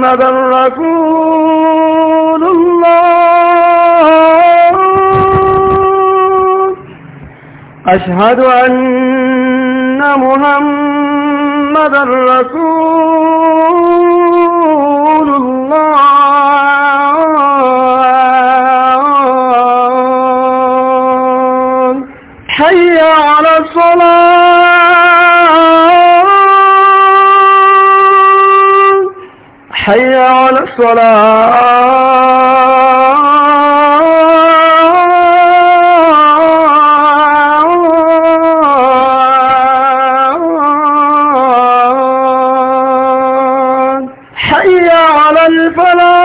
محمد رسول الله أشهد أن محمد رسول الله حي على الصلاة حي على الصلاة حي على الفلاح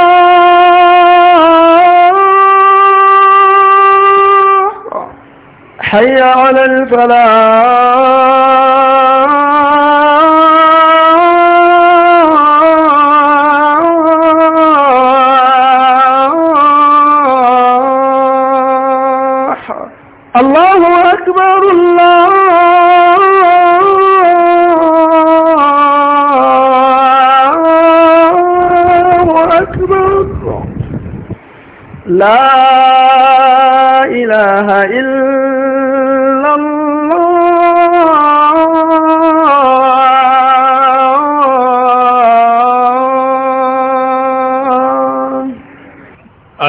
حي على الفلاح الله أكبر الله أكبر لا إله إلا الله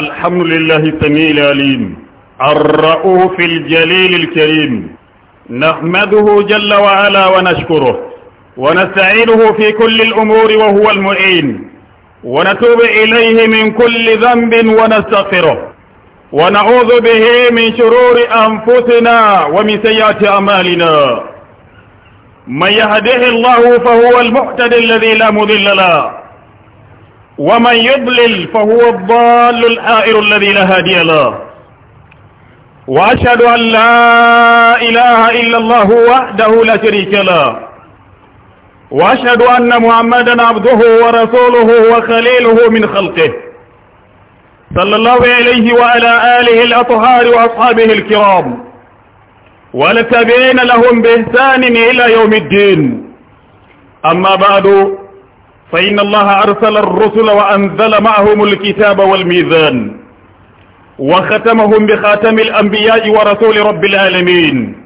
الحمد لله التميل العليم الرؤوف الجليل الكريم نحمده جل وعلا ونشكره ونستعينه في كل الأمور وهو المعين ونتوب إليه من كل ذنب ونستغفره ونعوذ به من شرور أنفسنا ومن سيئات أعمالنا من يهده الله فهو المهتد الذي لا مضل له ومن يضلل فهو الضال الحائر الذي لا هادي له وأشهد أن لا إله إلا الله وحده لا شريك له وأشهد أن محمدا عبده ورسوله وخليله من خلقه صلى الله عليه وعلى آله الأطهار وأصحابه الكرام ولتبين لهم بإحسان إلى يوم الدين أما بعد فإن الله أرسل الرسل وأنزل معهم الكتاب والميزان وختمهم بخاتم الأنبياء ورسول رب العالمين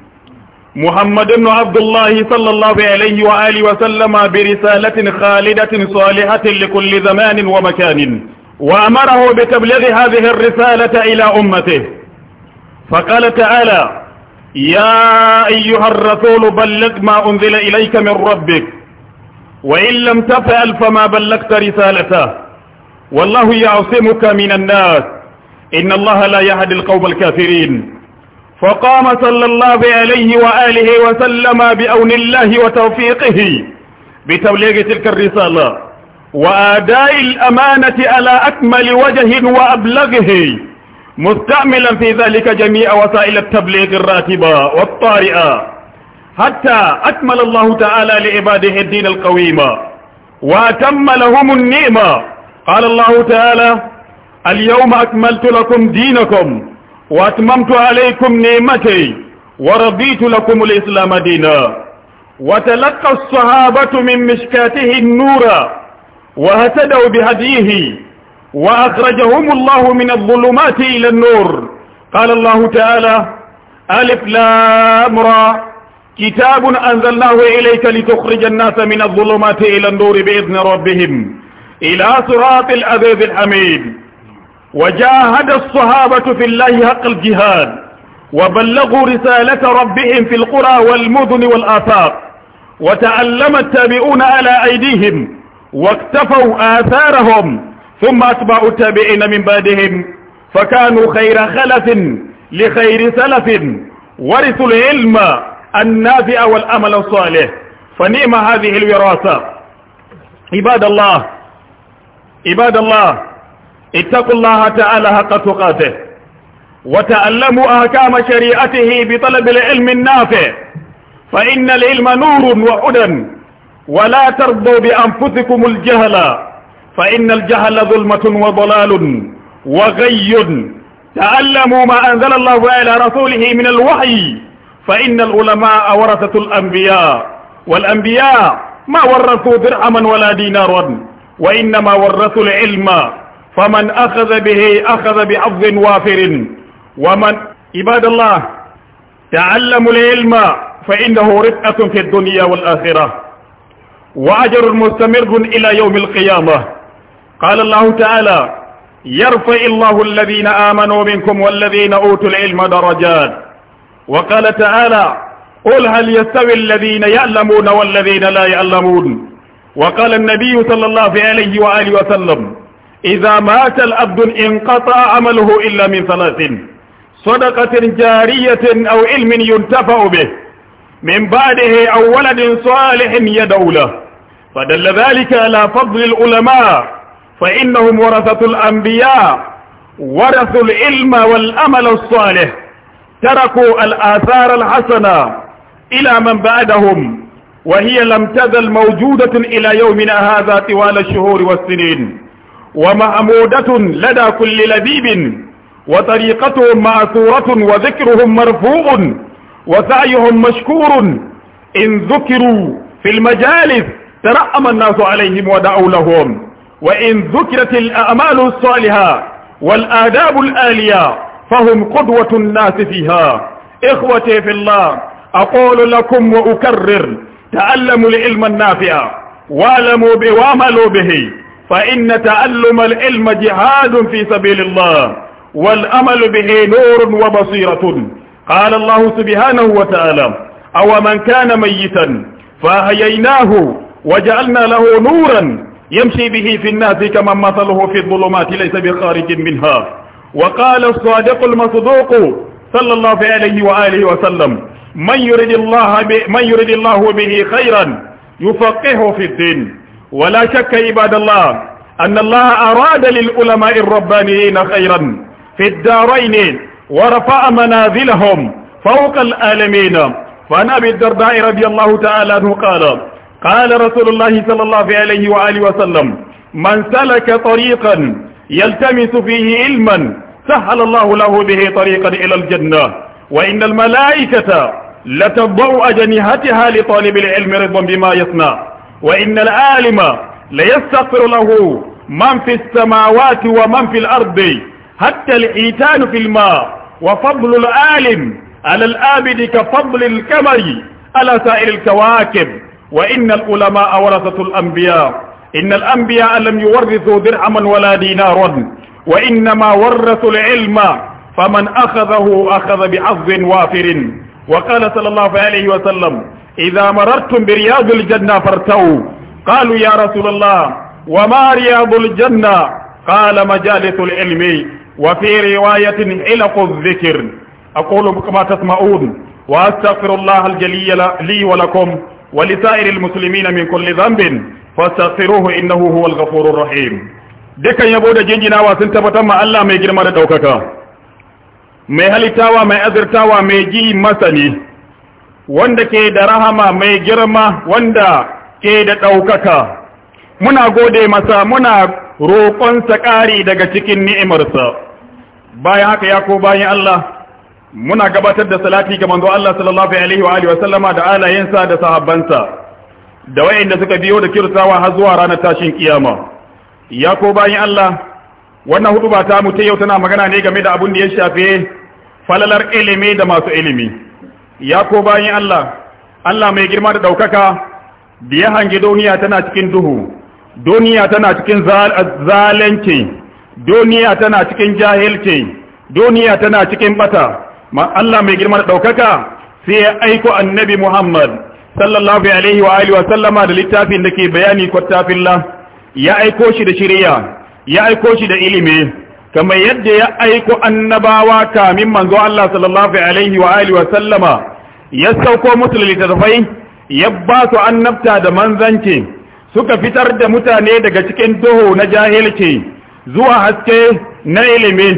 محمد بن عبد الله صلى الله عليه وآله وسلم برسالة خالدة صالحة لكل زمان ومكان وأمره بتبلغ هذه الرسالة إلى أمته فقال تعالى يا أيها الرسول بلغ ما أنزل إليك من ربك وإن لم تفعل فما بلغت رسالته والله يعصمك من الناس إن الله لا يهدي القوم الكافرين فقام صلى الله عليه وآله وسلم بأون الله وتوفيقه بتبليغ تلك الرسالة وآداء الأمانة على أكمل وجه وأبلغه مستعملا في ذلك جميع وسائل التبليغ الراتبة والطارئة حتى أكمل الله تعالى لعباده الدين القويم وأتم لهم النعمة قال الله تعالى اليوم أكملت لكم دينكم وأتممت عليكم نعمتي ورضيت لكم الإسلام دينا وتلقى الصحابة من مشكاته النور وهتدوا بهديه وأخرجهم الله من الظلمات إلى النور قال الله تعالى ألف را كتاب أنزلناه إليك لتخرج الناس من الظلمات إلى النور بإذن ربهم إلى صراط العزيز الحميد وجاهد الصحابة في الله حق الجهاد وبلغوا رسالة ربهم في القرى والمدن والآفاق وتعلم التابعون على أيديهم واكتفوا آثارهم ثم أتبعوا التابعين من بعدهم فكانوا خير خلف لخير سلف ورثوا العلم النافع والأمل الصالح فنعم هذه الوراثة عباد الله عباد الله اتقوا الله تعالى حق تقاته وتألموا أحكام شريعته بطلب العلم النافع فإن العلم نور وهدى ولا ترضوا بأنفسكم الجهل فإن الجهل ظلمة وضلال وغي تعلموا ما أنزل الله على رسوله من الوحي فإن العلماء ورثة الأنبياء والأنبياء ما ورثوا درهما ولا دينارا وإنما ورثوا العلم فمن أخذ به أخذ بحظ وافر ومن عباد الله تعلموا العلم فإنه رفقة في الدنيا والآخرة وأجر مستمر إلى يوم القيامة قال الله تعالى يرفع الله الذين آمنوا منكم والذين أوتوا العلم درجات وقال تعالى قل هل يستوي الذين يعلمون والذين لا يعلمون وقال النبي صلى الله عليه وآله وسلم إذا مات الأبد انقطع عمله إلا من ثلاث صدقة جارية أو علم ينتفع به من بعده أو ولد صالح يدولة فدل ذلك على فضل العلماء فإنهم ورثة الأنبياء ورثوا العلم والأمل الصالح تركوا الآثار الحسنة إلى من بعدهم وهي لم تزل موجودة إلى يومنا هذا طوال الشهور والسنين ومعمودة لدى كل لبيب وطريقتهم معثورة وذكرهم مرفوع وسعيهم مشكور إن ذكروا في المجالس ترأم الناس عليهم ودعوا لهم وإن ذكرت الأعمال الصالحة والآداب الآلية فهم قدوة الناس فيها إخوتي في الله أقول لكم وأكرر تعلموا العلم النافع واعلموا واعملوا به فإن تألم العلم جهاد في سبيل الله والأمل به نور وبصيرة قال الله سبحانه وتعالى أو من كان ميتا فأحييناه وجعلنا له نورا يمشي به في الناس كمن مثله في الظلمات ليس بخارج منها وقال الصادق المصدوق صلى الله عليه وآله وسلم من يرد الله, من يرد الله به خيرا يفقهه في الدين ولا شك عباد الله أن الله أراد للعلماء الربانيين خيرا في الدارين ورفع منازلهم فوق العالمين فعن أبي الدرداء رضي الله تعالى عنه قال قال رسول الله صلى الله عليه وآله وسلم من سلك طريقا يلتمس فيه علما سهل الله له به طريقا إلى الجنة وإن الملائكة لتضع أجنهتها لطالب العلم رضا بما يصنع وإن العالم ليستغفر له من في السماوات ومن في الأرض حتى الإيتان في الماء وفضل العالم على الآبد كفضل الكمر على سائر الكواكب وإن العلماء ورثة الأنبياء إن الأنبياء لم يورثوا درعما ولا دينارا وإنما ورثوا العلم فمن أخذه أخذ بعظ وافر وقال صلى الله عليه وسلم إذا مررتم برياض الجنة فارتووا قالوا يا رسول الله وما رياض الجنة قال مجالس العلم وفي رواية حلق الذكر أقول كما تسمعون وأستغفر الله الجلي لي ولكم ولسائر المسلمين من كل ذنب فاستغفروه إنه هو الغفور الرحيم dukan yabo da jinjinawa sun tabbatar ma Allah mai girma da ɗaukaka mai halittawa mai azirtawa mai ji masani wanda ke da rahama mai girma wanda ke da ɗaukaka muna gode masa muna roƙonsa ƙari daga cikin ni'imarsa bayan haka ya ko bayan Allah muna gabatar da salati ga manzo Allah sallallahu alaihi wa alihi wa sallama da alayensa da sahabbansa da wayanda suka biyo da kirtawa har zuwa ranar tashin kiyama ya ko bayan Allah wannan hudu ta mu ta yau tana magana ne game da abin da ya shafe falalar ilimi da masu ilimi ya ko bayan Allah Allah mai girma da ɗaukaka da ya hangi duniya tana cikin duhu duniya tana cikin zalunci duniya tana cikin jahilci duniya tana cikin bata ma Allah mai girma da ɗaukaka sai ya aiko annabi Muhammad sallallahu alaihi wa alihi wa sallama da littafin da ke bayani kwattafin ya aiko shi da shirya. ya aiko shi da ilimi kamar yadda ya aiko annabawa kamin manzo Allah sallallahu alaihi wa alihi wa sallama ya sauko musu littattafai ya ba su annabta da manzanci suka fitar da mutane daga cikin duhu na jahilci zuwa haske na ilimi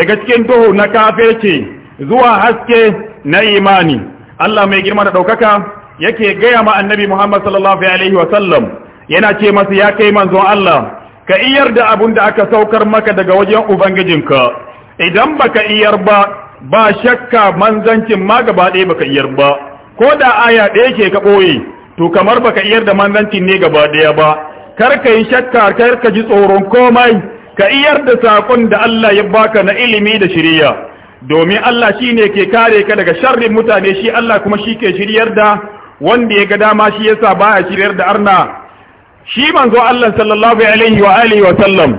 daga cikin duhu na kafirci zuwa haske na imani Allah mai girma da daukaka yake gaya ma annabi Muhammad sallallahu alaihi wa sallam yana ce masa ya kai manzo Allah ka iyar da abun da aka saukar maka daga wajen ubangijinka idan baka iyar ba ba shakka manzancin ma gaba ɗaya baka iyar ba ko da aya ɗaya ke ka ɓoye to kamar baka iyar da manzancin ne gaba ɗaya ba kar ka yi shakka kar ka ji tsoron komai ka iyar da saƙon da Allah ya baka na ilimi da shirya domin Allah shi ne ke kare ka daga sharrin mutane shi Allah kuma shi ke shiryar da wanda ya ga dama shi yasa baya shiryar da arna shi manzo Allah sallallahu alaihi wa alihi wa sallam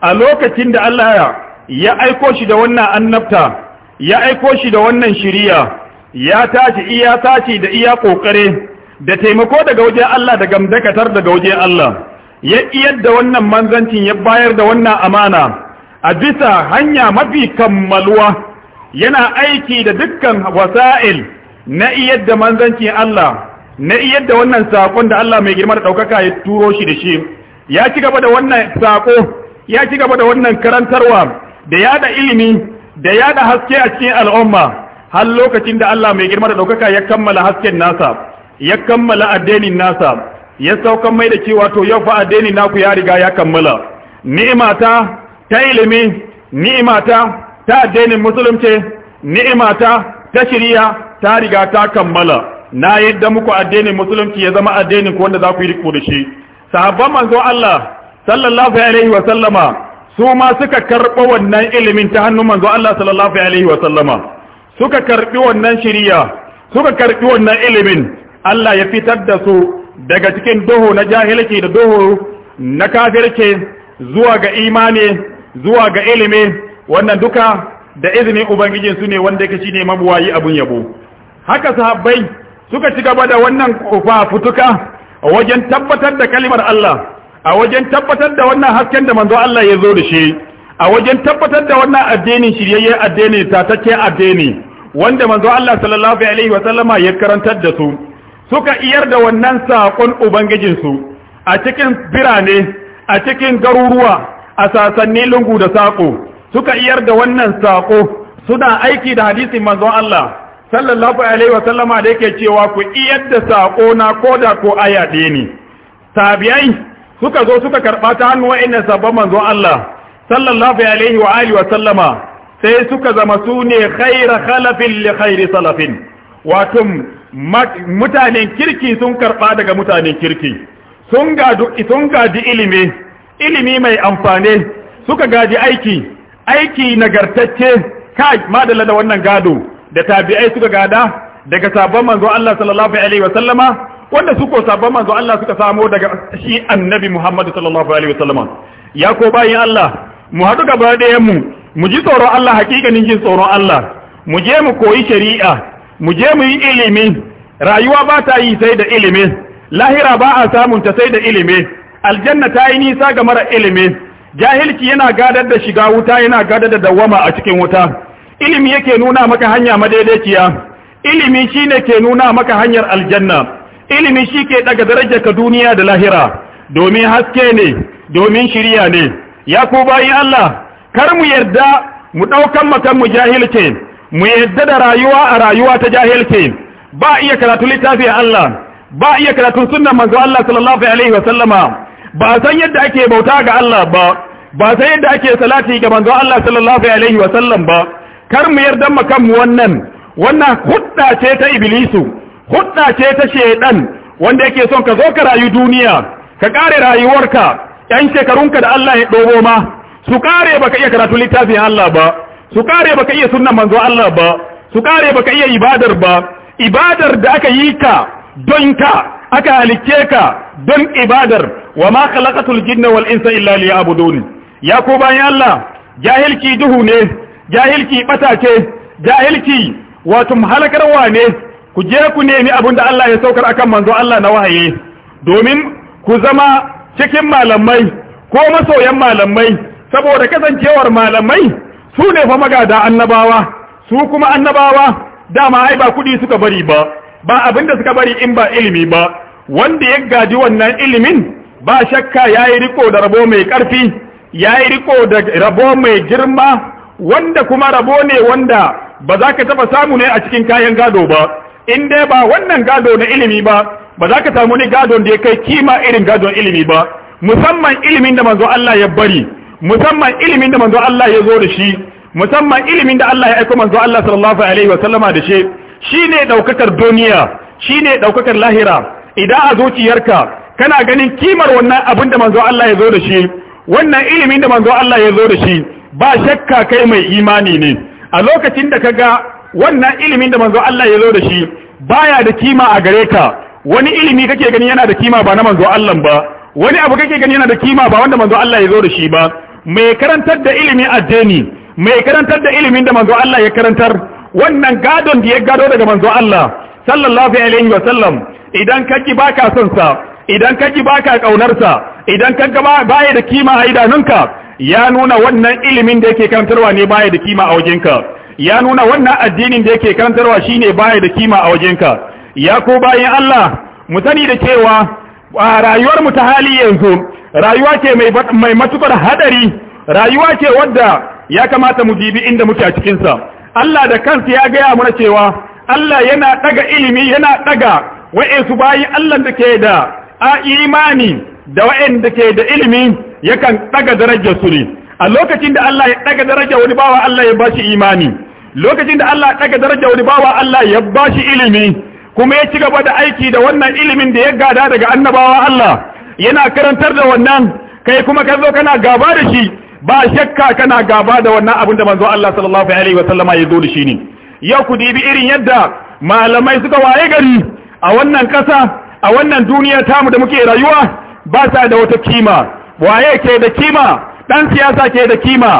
a lokacin da Allah ya aiko shi da wannan annabta ya aiko shi da wannan shiriya ya tashi iya tashi da iya kokare da taimako daga wajen Allah da gamdakatar daga waje Allah ya iyar da wannan manzancin ya bayar da wannan amana a bisa hanya mafi kammaluwa yana aiki da dukkan wasa'il na iyar da manzancin Allah na yadda wannan sakon da Allah mai girma da ɗaukaka ya turo shi da shi ya ci gaba da wannan sako ya ci gaba da wannan karantarwa da ya da ilimi da ya da haske a cikin al'umma har lokacin da Allah mai girma da ɗaukaka ya kammala hasken nasa ya kammala addinin nasa ya saukan mai da cewa to yau fa addini naku ya riga ya kammala ni'imata ta ilimi ni'imata ta addinin musulunci ni'imata ta shirya ta riga ta kammala na yadda muku addinin musulunci ya zama addinin ku wanda za ku yi riko da shi sahabban manzo Allah sallallahu alaihi wa sallama su ma suka karɓo wannan ilimin ta hannun manzo Allah sallallahu alaihi wa sallama suka karɓi wannan shiriya suka karɓi wannan ilimin Allah ya fitar da su daga cikin doho na jahilci da doho na kafirci zuwa ga imani zuwa ga ilimi wannan duka da izinin ubangijin su ne wanda yake shine mabuwayi abun yabo haka sahabbai suka ci gaba da wannan fafutuka wajen tabbatar da kalimar Allah a wajen tabbatar da wannan hasken da manzo Allah ya zo da shi a wajen tabbatar da wannan addinin shiryayye addini tatacce addini wanda manzo Allah sallallahu alaihi wa sallama ya karantar da su suka iyar da wannan sakon ubangijin su a cikin birane a cikin garuruwa a sasanni lungu da sako suka iyar da wannan sako suna aiki da hadisin manzon Allah sallallahu alaihi wa sallama da yake cewa ku iyar da sako na koda ko aya ɗaya ne tabi'ai suka zo suka karɓa ta hannu wa'annan sabon manzon Allah sallallahu alaihi wa alihi wa sallama sai suka zama su ne khaira khalafin li khairi salafin wato mutanen kirki sun karɓa daga mutanen kirki sun gaji sun gadi ilimi ilimi mai amfane suka gaji aiki aiki nagartacce kai madalla da wannan gado da tabi'ai suka gada daga sabon manzo Allah sallallahu alaihi wa sallama wanda su ko sabon manzo Allah suka samo daga shi annabi Muhammad sallallahu alaihi wa sallama ya ko bayin Allah mu hadu gaba ɗayan mu mu ji tsoro Allah hakikanin jin tsoro Allah mu je mu koyi shari'a mu je mu yi ilimi rayuwa ba ta yi sai da ilimi lahira ba a samun ta sai da ilimi aljanna ta yi nisa ga mara ilimi jahilci yana gadar da shiga wuta yana gadar da dawama a cikin wuta ilimi yake nuna maka hanya madaidaiciya ilimi shine ke nuna maka hanyar aljanna ilimi shi ke daga darajar ka duniya da lahira domin haske ne domin shiriya ne ya ku Allah kar mu yarda mu daukan makan mu jahilce mu yarda da rayuwa a rayuwa ta jahilce ba iya karatu littafi Allah ba iya karatu sunnar manzo Allah sallallahu alaihi wa sallama ba san yadda ake bauta ga Allah ba ba san yadda ake salati ga manzo Allah sallallahu alaihi wa sallam ba kar mu yarda mu kanmu wannan wannan hudda ce ta iblisu hudda ce ta shedan wanda yake son ka zo ka rayu duniya ka kare rayuwarka yan shekarunka da Allah ya dobo ma su kare baka iya karatu littafin Allah ba su kare baka iya sunnan manzo Allah ba su kare baka iya ibadar ba ibadar da aka yi ka don ka aka halicce ka don ibadar wa ma khalaqatul jinna wal insa illa liya'budun ya ko bayan Allah jahilci duhu ne jahilki bata ce jahilki wato halakar wane ku je ku nemi abin da Allah ya saukar akan manzo Allah na wahaye domin ku zama cikin malamai ko masoyan malamai saboda kasancewar malamai su ne fa magada annabawa su kuma annabawa dama ai ba kudi suka bari ba ba abinda suka bari in ba ilimi ba wanda ya gaji wannan ilimin ba shakka yayi riko da rabo mai karfi yayi riko da rabo mai girma wanda kuma rabo ne wanda ba za ka taba samu ne a cikin kayan gado ba in dai ba wannan gado na ilimi ba ba za ka samu ne gado da ya kai kima irin gadon ilimi ba musamman ilimin da manzo Allah ya bari musamman ilimin da manzo Allah ya zo da shi musamman ilimin da Allah ya aika manzo Allah sallallahu alaihi wa sallama da shi shine daukakar duniya shine daukakar lahira idan a zuciyarka kana ganin kimar wannan abin da manzo Allah ya zo da shi wannan ilimin da manzo Allah ya zo da shi ba shakka kai mai imani ne a lokacin da ka ga wannan ilimin da manzo Allah ya zo da shi baya da kima a gare ka wani ilimi kake gani yana da kima ba na manzo Allah ba wani abu kake gani yana da kima ba wanda manzo Allah ya zo da shi ba mai karantar da ilimin addini mai karantar da ilimin da manzo Allah ya karantar wannan gadon da ya gado daga manzo Allah sallallahu alaihi wa sallam idan kaki baka son sa idan kaki baka kaunar sa idan kanka baya da kima a idanunka ya nuna wannan ilimin da yake karantarwa ne baya da kima a wajenka ya nuna wannan addinin da yake karantarwa shine baya da kima a wajenka ya ko bayan Allah mu sani da cewa a rayuwar mu ta hali yanzu rayuwa ce mai mai matukar hadari rayuwa ce wadda ya kamata mu jibi inda muke a cikin sa Allah da kansa ya ga ya mana cewa Allah yana daga ilimi yana daga wa'ansu bayin Allah da ke da a imani da wa'anda ke da ilimi yakan daga darajar su ne a lokacin da Allah ya daga daraja wani bawa Allah ya bashi imani lokacin da Allah ya daga daraja wani bawa Allah ya bashi ilimi kuma ya ci gaba da aiki da wannan ilimin da ya gada daga annabawa Allah yana karantar da wannan kai kuma ka zo kana gaba da shi ba shakka kana gaba da wannan abin da manzo Allah sallallahu alaihi wa sallama ya zo da shi ne yau ku dibi irin yadda malamai suka waye gari a wannan kasa a wannan duniya tamu da muke rayuwa ba sa da wata kima waye ke da kima dan siyasa ke da kima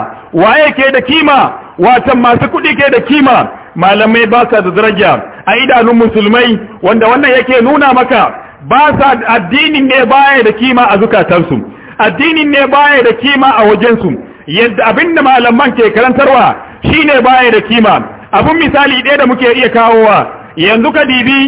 waye ke da kima watan masu kuɗi ke da kima malamai ba sa da daraja a idanun musulmai wanda wannan yake nuna maka ba sa addinin ne baya da kima a zukatansu addinin ne baya da kima a wajensu yadda abinda malaman ke karantarwa shine baya da kima abun misali ɗaya da muke iya kawowa yanzu ka dibi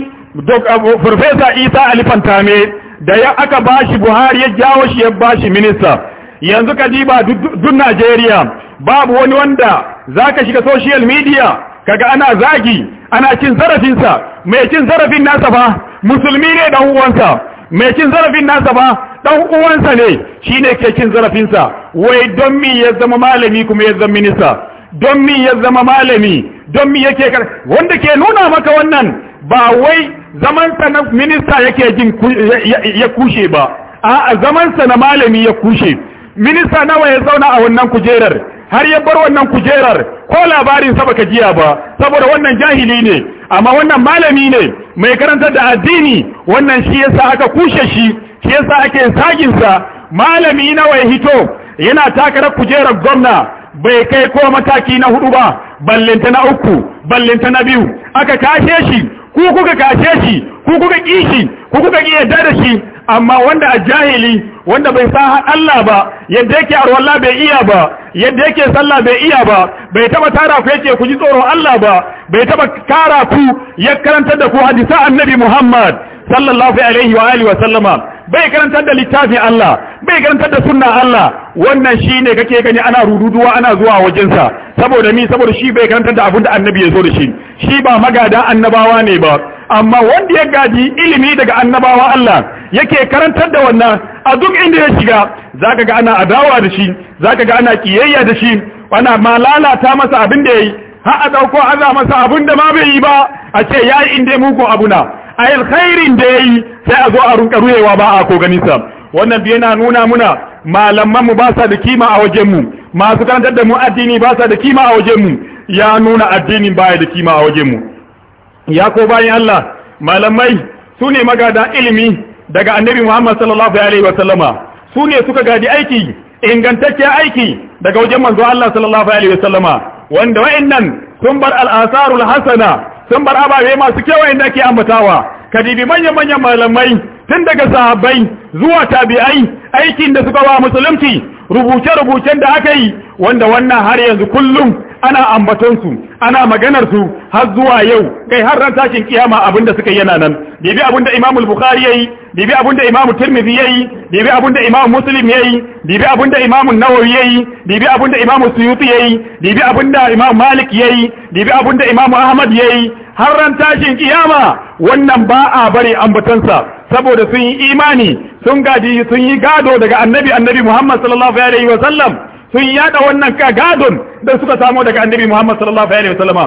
farfesa isa alifantame da ya aka bashi buhari ya jawo shi ya bashi minista yanzu ka ba duk najeriya babu wani wanda za ka shiga social media kaga ana zagi ana cin zarafinsa mai cin zarafin nasa ba musulmi ne dan uwansa mai cin zarafin nasa ba dan uwansa ne shine ke cin zarafinsa wai don mi ya zama malami kuma ya zama minista don mi ya zama malami don mi yake wanda ke nuna maka wannan ba wai zamansa na minista yake jin ya kushe ba a zamansa na malami ya kushe minista nawa ya zauna a wannan kujerar har ya bar wannan kujerar ko labarin sa baka jiya ba saboda wannan jahili ne amma wannan malami ne mai karantar da addini wannan shi yasa aka kushe shi shi yasa ake sagin sa malami nawa ya hito yana takarar kujerar gwamna bai kai ko mataki na hudu ba ballinta na uku ballinta na biyu aka kashe shi ku kuka kashe shi ku kuka shi, ku kuka ki yadda da shi amma wanda a jahili wanda bai sa Allah ba yadda yake arwalla bai iya ba yadda yake sallah bai iya ba bai taba tara ku yake ku ji tsoron Allah ba bai taba kara ku ya karantar da ku hadisa annabi Muhammad sallallahu alaihi wa alihi wa sallama bai karantar da littafin Allah bai karantar da sunna Allah wannan shi ne kake gani ana rududuwa ana zuwa wajensa saboda ni saboda shi bai karantar da abin da annabi ya zo da shi shi ba magada annabawa ne ba amma wanda ya gaji ilimi daga annabawa Allah yake karantar da wannan a duk inda ya shiga zaka ga ana adawa da shi zaka ga ana kiyayya da shi ana malalata masa abin da yayi har a dauko aza masa abin da ma bai yi ba a ce yayi inda muku abuna ayil alkhairin da yayi sai a zo a runka ruyewa ba a ko ganin sa wannan yana nuna muna Malamman mu ba sa da kima a wajen masu karantar da mu addini ba sa da kima a wajen mu ya nuna addinin baya da kima a wajen ya ko bayan Allah malamai su ne magada ilimi daga annabi Muhammad sallallahu alaihi wa sallama su ne suka gadi aiki ingantacciyar aiki daga wajen manzo Allah sallallahu alaihi wa sallama wanda wa'annan sun bar al-asarul hasana sun bar ababe masu kyau wanda ake ambatawa kadibi manyan manyan malamai tun daga sahabbai zuwa tabi'ai aikin da suka ba musulunci rubuce-rubucen da aka yi wanda wannan har yanzu kullum ana ambatonsu ana maganarsu har zuwa yau kai har ran tashin kiyama abinda suka yana nan bibi abinda Imam al-Bukhari yayi bibi abinda Imam Tirmidhi yayi bibi abinda Imam Muslim yayi bibi abinda Imam An-Nawawi yayi bibi abinda Imam Suyuti yayi bibi abinda Imam Malik yayi bibi abinda Imam Ahmad yayi har ran tashin kiyama wannan ba a bari ambatonsa saboda sun yi imani sun gaji sun yi gado daga annabi annabi Muhammad sallallahu alaihi wa sallam sun yada wannan kagadon da suka samu daga annabi Muhammad sallallahu alaihi wasallam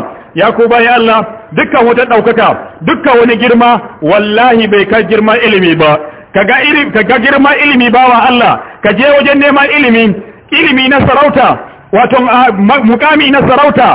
ya ko bayan Allah dukkan wata daukaka dukkan wani girma wallahi bai kai girma ilimi ba kaga irin kaga girma ilimi ba wa Allah ka je wajen neman ilimi ilimi na sarauta wato mukami na sarauta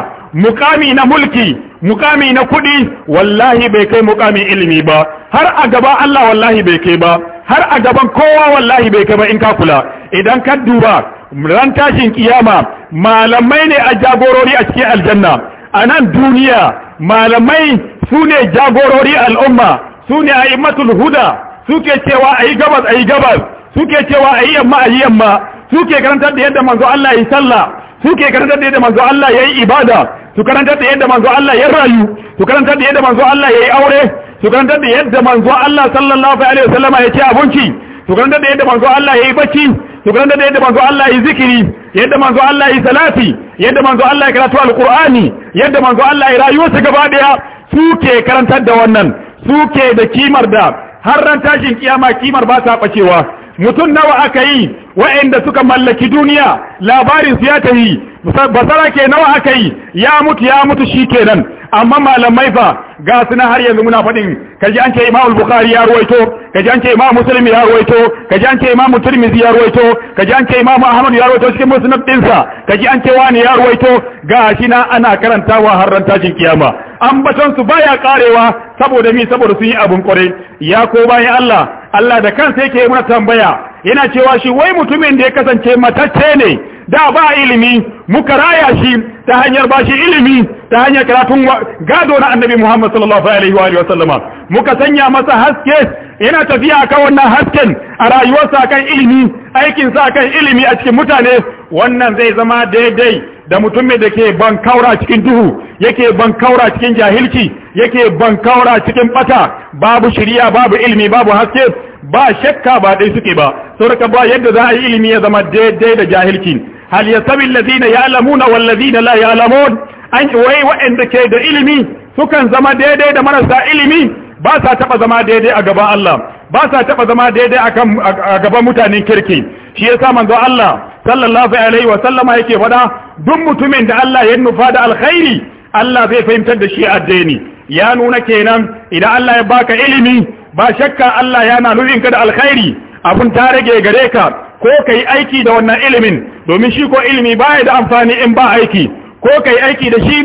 mukami na mulki mukami na kudi wallahi bai kai mukami ilimi ba har a gaba Allah wallahi bai kai ba har a gaban kowa wallahi bai kai ba in ka kula idan ka duba ran tashin kiyama malamai ne a jagorori a cikin aljanna a nan duniya malamai su ne jagorori al'umma su ne a imatul huda suke cewa a yi gabas a yi gabas suke cewa a yi yamma a yi yamma suke karantar da yadda manzo Allah ya yi sallah suke karantar da yadda manzo Allah ya yi ibada su karantar da yadda manzo Allah ya rayu su karantar da yadda manzo Allah ya yi aure su karantar da yadda manzo Allah sallallahu alaihi wasallam ya ci abinci su karantar da yadda manzo Allah ya yi bacci to da yadda manzo Allah yi zikiri yadda manzo Allah yi salati yadda manzo Allah yi karatu alqur'ani yadda manzo Allah ya su gaba daya suke karantar da wannan suke da kimar da har ran tashin kiyama kimar ba ta bacewa mutum nawa aka yi wa'anda suka mallaki duniya labarin su ya tayi basara ke nawa aka yi ya mutu ya mutu shi kenan amma malamai fa ga suna har yanzu muna faɗin kaji an ce imam bukhari ya ruwaito kaji an ce imam muslim ya ruwaito kaji an ce imam tirmidhi ya ruwaito kaji an ce imam ahmad ya ruwaito cikin musu dinsa kaji an ce wani ya ruwaito ga shi na ana karantawa har ran tashin kiyama ambaton su baya karewa saboda mi saboda sun yi abun kware ya ko bayan Allah Allah da kansa yake muna tambaya yana cewa shi wai mutumin da ya kasance matacce ne da ba ilimi muka raya shi ta hanyar shi ilimi ta hanyar karatun gado na annabi Muhammad sallallahu alaihi wa muka sanya masa haske yana tafiya kan wannan hasken a rayuwarsa kan ilimi aikin sa kan ilimi a cikin mutane wannan zai zama daidai da mutumin da ke ban kaura cikin duhu yake ban kaura cikin jahilci yake ban kaura cikin bata babu shirya babu ilimi babu haske ba shakka ba dai suke ba sauraka ba yadda za a yi ilimi ya zama daidai da jahilci hal yasabi alladhina ya'lamuna wal ladina la an wai wa'anda ke da ilimi sukan zama daidai da marasa ilimi basa taba zama daidai a gaban Allah ba taba zama daidai akan a gaban mutanen kirki shi yasa manzo Allah sallallahu alaihi wa sallama yake faɗa duk mutumin da Allah ya nufa da alkhairi Allah zai fahimtar da shi addini ya nuna kenan idan Allah ya baka ilimi ba shakka Allah yana nufin da alkhairi abun ta rage gare ka ko ka yi aiki da wannan ilimin domin shi ko ilimi baya da amfani in ba aiki ko ka yi aiki da shi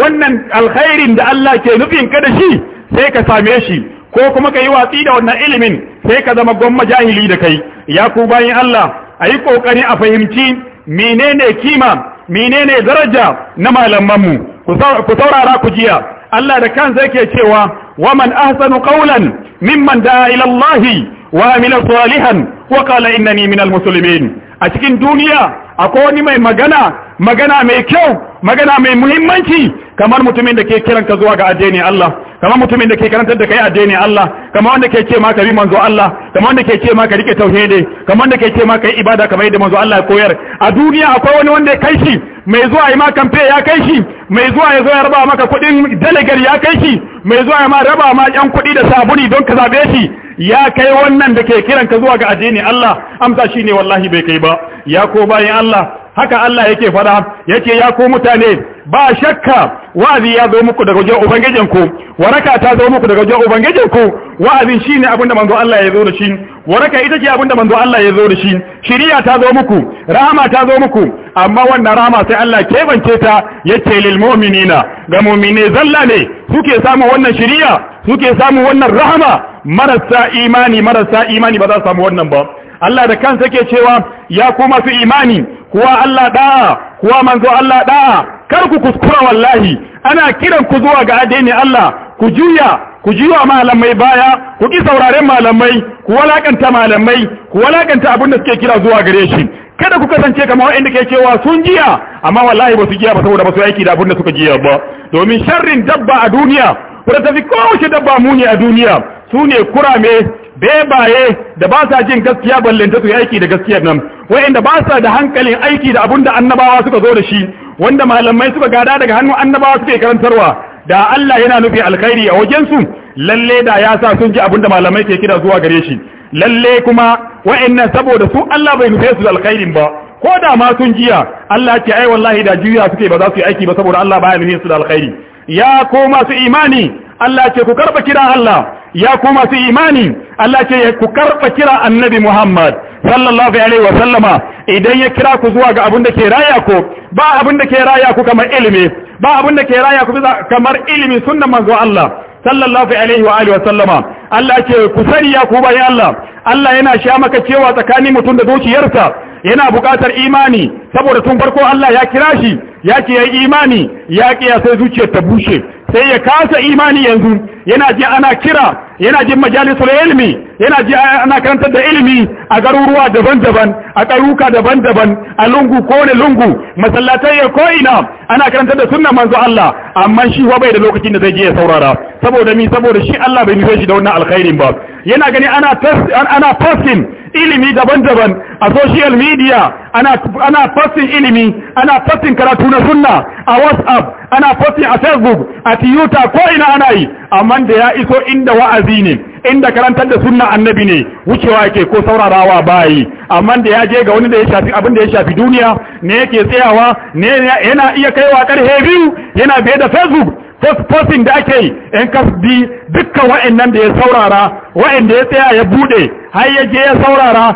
wannan alkhairin da Allah ke nufin ka da shi sai ka same shi ko kuma ka yi watsi da wannan ilimin sai ka zama gwamma jahili da kai ya ku bayin Allah a yi kokari a fahimci menene kima menene daraja na malamanmu ku saurara ku jiya Allah da kansa yake cewa waman ahsanu qawlan mimman da'a ila Allah wa amila salihan wa qala innani minal muslimin a cikin duniya akwai wani mai magana magana mai kyau magana mai muhimmanci kamar mutumin da ke kiran ka zuwa ga addini Allah kamar mutumin da ke karantar da kai addini Allah kamar wanda ke ce ma ka bi Allah kamar wanda ke ce ma ka rike tauhidi kamar wanda ke ce ma ka yi ibada kamar yadda Allah ya koyar a duniya akwai wani wanda ya kai shi mai zuwa yi ma ya kai mai zuwa ya ya raba maka kuɗin dalagar ya kai mai zuwa ya ma raba ma kuɗi da sabuni don ka shi ya kai wannan da ke kiran ka zuwa ga addini Allah amsa shine wallahi bai kai ba ya ko bayan Allah haka Allah yake fada yake ya ko mutane ba shakka wa'azi ya zo muku daga wajen ku. waraka ta zo muku daga wajen ku. wa'azin shine abin da manzo Allah ya zo da shi waraka ita ce abin da manzo Allah ya zo da shi shiriya ta zo muku rahama ta zo muku amma wannan rahama sai Allah kebance ta yake lil mu'minina ga mu'mine zalla ne suke samu wannan shiriya suke samu wannan rahama marasa imani marasa imani ba za su samu wannan ba Allah da kansa yake cewa ya ku masu imani kuwa Allah da'a kuwa manzo Allah da'a kar ku kuskura wallahi ana kiran ku zuwa ga addini Allah ku juya ku juya malamai baya ku ki sauraren malamai ku walakanta malamai ku walakanta abin da suke kira zuwa gare shi kada ku kasance kamar wanda ke cewa sun jiya amma wallahi ba su jiya ba saboda ba su aiki da abin da suka jiya ba domin sharrin dabba a duniya wadda ta fi kowace dabba muni a duniya su ne kurame bebaye da ba sa jin gaskiya ballanta su aiki da gaskiyar nan wayanda ba sa da hankalin aiki da abun da annabawa suka zo da shi wanda malamai suka gada daga hannun annabawa suke karantarwa da Allah yana nufi alkhairi a wajen su lalle da ya sa sun ji abun da malamai ke kira zuwa gare shi lalle kuma wayannan saboda su Allah bai nufe su da alkhairin ba ko da ma sun jiya Allah ce ai wallahi da juya suke ba za su yi aiki ba saboda Allah baya nufe su da alkhairi ya koma su imani Allah ce ku karba kira Allah ya kuma su imani Allah ce ku karɓa kira annabi Muhammad sallallahu alaihi wa sallama idan ya kira ku zuwa ga abin da ke raya ku ba abin da ke raya ku kamar ilimi ba abin da ke raya ku kamar ilimi sunnan manzo Allah sallallahu alaihi wa alihi wa sallama Allah ce ku sani ya ku bayan Allah Allah yana sha maka cewa tsakanin mutum da zuciyarsa yana buƙatar imani saboda tun farko Allah ya kira shi ya ce ya yi imani ya kiya sai zuciyar ta bushe sai ya kasa imani yanzu yana ji ana kira yana ji majalisar ilimi yana ji ana karantar da ilimi a garuruwa daban-daban a ƙaruka daban-daban a lungu ko ne lungu masallatai ya ko'ina ana karantar da sunan manzo Allah amma shi wa bai da lokacin da zai je ya saurara saboda mi saboda shi Allah bai nufe shi da wannan alkhairin ba yana gani ana ana ilimi daban-daban a social media ana fassin ilimi ana fassin karatu na sunna a whatsapp ana fasin a facebook a tiyuta ko ina ana yi amma da ya iso inda wa'azi ne inda karantar da sunna annabi ne wucewa ke ko saurarawa bayi amma da ya je ga wani da ya shafi abin da ya shafi duniya ne yake tsayawa ne yana iya kaiwa karhe biyu yana biye da facebook fosfosin da ake yi in ka bi dukkan nan da ya saurara waɗanda ya tsaya ya buɗe har ya je ya saurara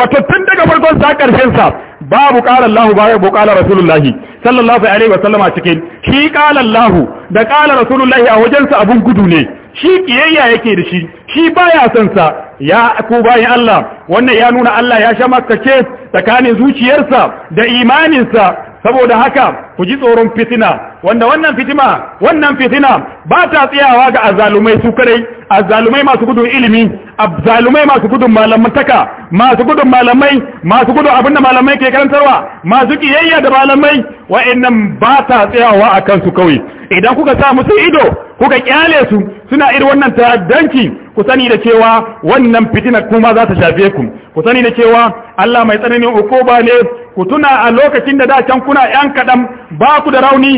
wato tun daga farkon sa karshen sa babu qala Allahu ba ya qala Rasulullahi sallallahu alaihi wa sallama cikin shi qala da kala Rasulullahi a wajen sa abun gudu ne shi kiyayya yake da shi shi baya son sa ya ku bayan Allah wannan ya nuna Allah ya sha makace tsakanin zuciyarsa da imaninsa saboda haka ku ji tsoron fitina wanda wannan fitima wannan fitina ba ta tsayawa ga azzalumai su kare azzalumai masu gudun ilimi azalumai masu gudun taka masu gudun malamai masu gudun abinda malamai ke karantarwa masu kiyayya da malamai wa'annan ba ta tsayawa a kansu kawai idan kuka sa musu ido kuka kyale su suna irin wannan ta'addanci ku sani da cewa wannan fitina kuma za ta shafe ku ku sani da cewa Allah mai tsananin ukuba ne ku tuna a lokacin da da can kuna yan kadan ba ku da rauni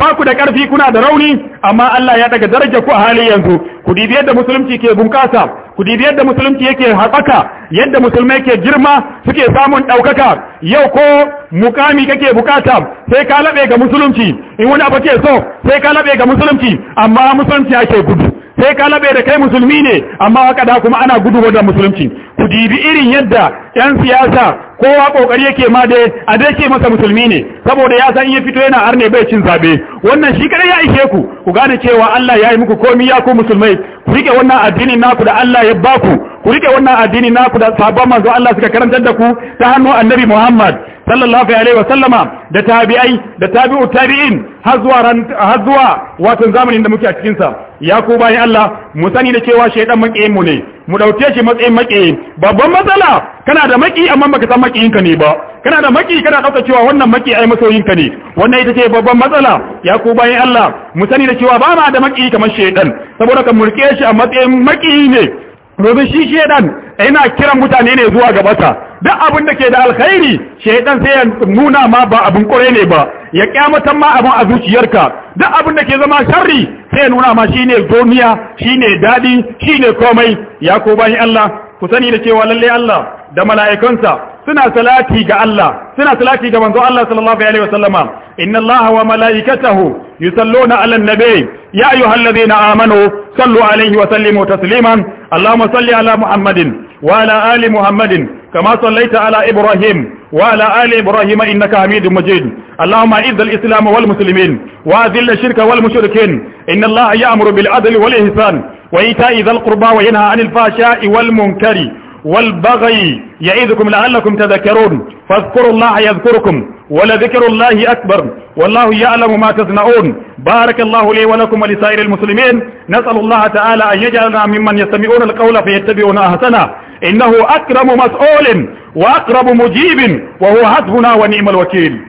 ba ku da karfi kuna da rauni amma Allah ya daga daraja ku a halin yanzu ku dibi yadda musulunci ke bunkasa ku dibi yadda musulunci yake haɓaka yadda musulmai ke girma suke samun ɗaukaka yau ko mukami kake bukata sai ka laɓe ga musulunci in wani abu ke so sai ka laɓe ga musulunci amma musulunci ake gudu sai ka labe da kai musulmi ne amma haka da kuma ana gudu da musulunci ku dibi irin yadda yan siyasa kowa kokari yake ma dai a dai ke masa musulmi ne saboda ya san ya fito yana arne bai cin zabe wannan shi kadai ya ishe ku ku gane cewa Allah ya yi muku komi ya ku musulmai ku rike wannan addini naku da Allah ya baku ku rike wannan addini naku da sabon manzo Allah suka karantar da ku ta hannu annabi Muhammad sallallahu alaihi wa sallama da tabi'ai da tabi'u tabi'in har zuwa har wato zamanin da muke a cikin sa ya ku bayan Allah mu sani da cewa shaidan makiyin mu ne mu dauke shi matsayin makiyi babban matsala kana da maki amma baka san makiyin ka ne ba kana da maki kana dauka cewa wannan maki ai masoyin ka ne wannan ita ce babban matsala ya ku bayan Allah mu sani da cewa ba ma da maki kamar shaidan saboda ka murke shi a matsayin makiyi ne domin shi shaidan. ina kiran mutane ne zuwa ga bata duk abin da ke da alkhairi shaidan sai ya nuna ma ba abin kore ne ba ya kyamatan ma abin a zuciyarka duk abin da ke zama sharri sai ya nuna ma shine zomiya shine dadi shine komai ya ko bayan Allah ku sani da cewa lalle Allah da mala'ikansa suna salati ga Allah suna salati ga manzo Allah sallallahu alaihi wasallama inna Allah wa malaikatahu yusalluna ala nabi ya ayyuhalladhina amanu sallu alaihi wa sallimu tasliman Allahumma salli ala Muhammadin wa ala ali Muhammadin kama sallaita ala Ibrahim وعلى آل إبراهيم إنك حميد مجيد اللهم أعز الإسلام والمسلمين وأذل الشرك والمشركين إن الله يأمر بالعدل والإحسان وإيتاء ذي القربى وينهى عن الفحشاء والمنكر والبغي يعيدكم لعلكم تذكرون فاذكروا الله يذكركم ولذكر الله أكبر والله يعلم ما تصنعون بارك الله لي ولكم ولسائر المسلمين نسأل الله تعالى أن يجعلنا ممن يستمعون القول فيتبعون أحسنه إنه أكرم مسؤول وأقرب مجيب وهو حسبنا ونعم الوكيل